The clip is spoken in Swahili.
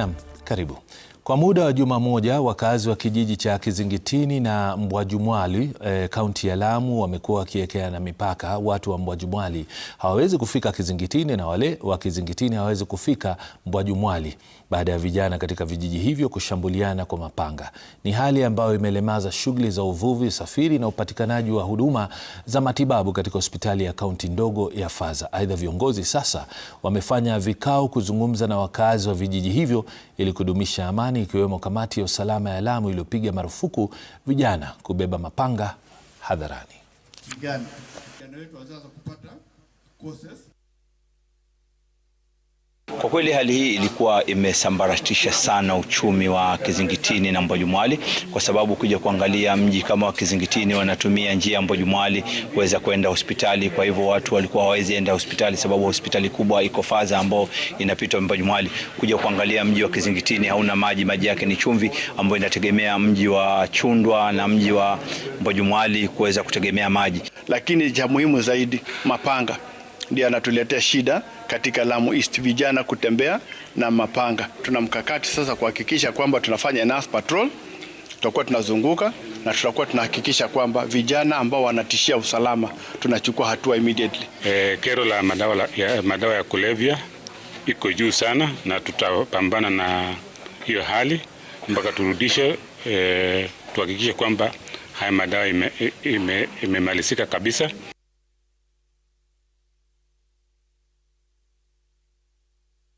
Naam, karibu. Kwa muda wa juma moja wakazi wa kijiji cha Kizingitini na Mbwajumwali eh, kaunti e, ya Lamu wamekuwa wakiekea na mipaka. Watu wa Mbwajumwali hawawezi kufika Kizingitini na wale wa Kizingitini hawawezi kufika Mbwajumwali baada ya vijana katika vijiji hivyo kushambuliana kwa mapanga. Ni hali ambayo imelemaza shughuli za uvuvi, usafiri na upatikanaji wa huduma za matibabu katika hospitali ya kaunti ndogo ya Faza. Aidha, viongozi sasa wamefanya vikao kuzungumza na wakazi wa vijiji hivyo ili kudumisha amani mitaani ikiwemo kamati ya usalama ya Lamu iliyopiga marufuku vijana kubeba mapanga hadharani kweli hali hii ilikuwa imesambaratisha sana uchumi wa Kizingitini na Mbojumwali, kwa sababu ukija kuangalia mji kama wa Kizingitini wanatumia njia ya Mbojumwali kuweza kwenda hospitali. Kwa hivyo watu walikuwa hawawezi enda hospitali sababu hospitali kubwa iko faza ambao inapita Mbojumwali. Kuja kuangalia mji wa Kizingitini hauna maji, maji yake ni chumvi ambayo inategemea mji wa Chundwa na mji wa Mbojumwali kuweza kutegemea maji, lakini cha muhimu zaidi mapanga ndio anatuletea shida katika Lamu East, vijana kutembea na mapanga. Tuna mkakati sasa kuhakikisha kwamba tunafanya enough patrol, tutakuwa tunazunguka na tutakuwa tunahakikisha kwamba vijana ambao wanatishia usalama tunachukua hatua immediately. Eh, kero la madawa ya, madawa ya kulevya iko juu sana na tutapambana na hiyo hali mpaka turudishe eh, tuhakikishe kwamba haya madawa imemalizika ime, ime kabisa.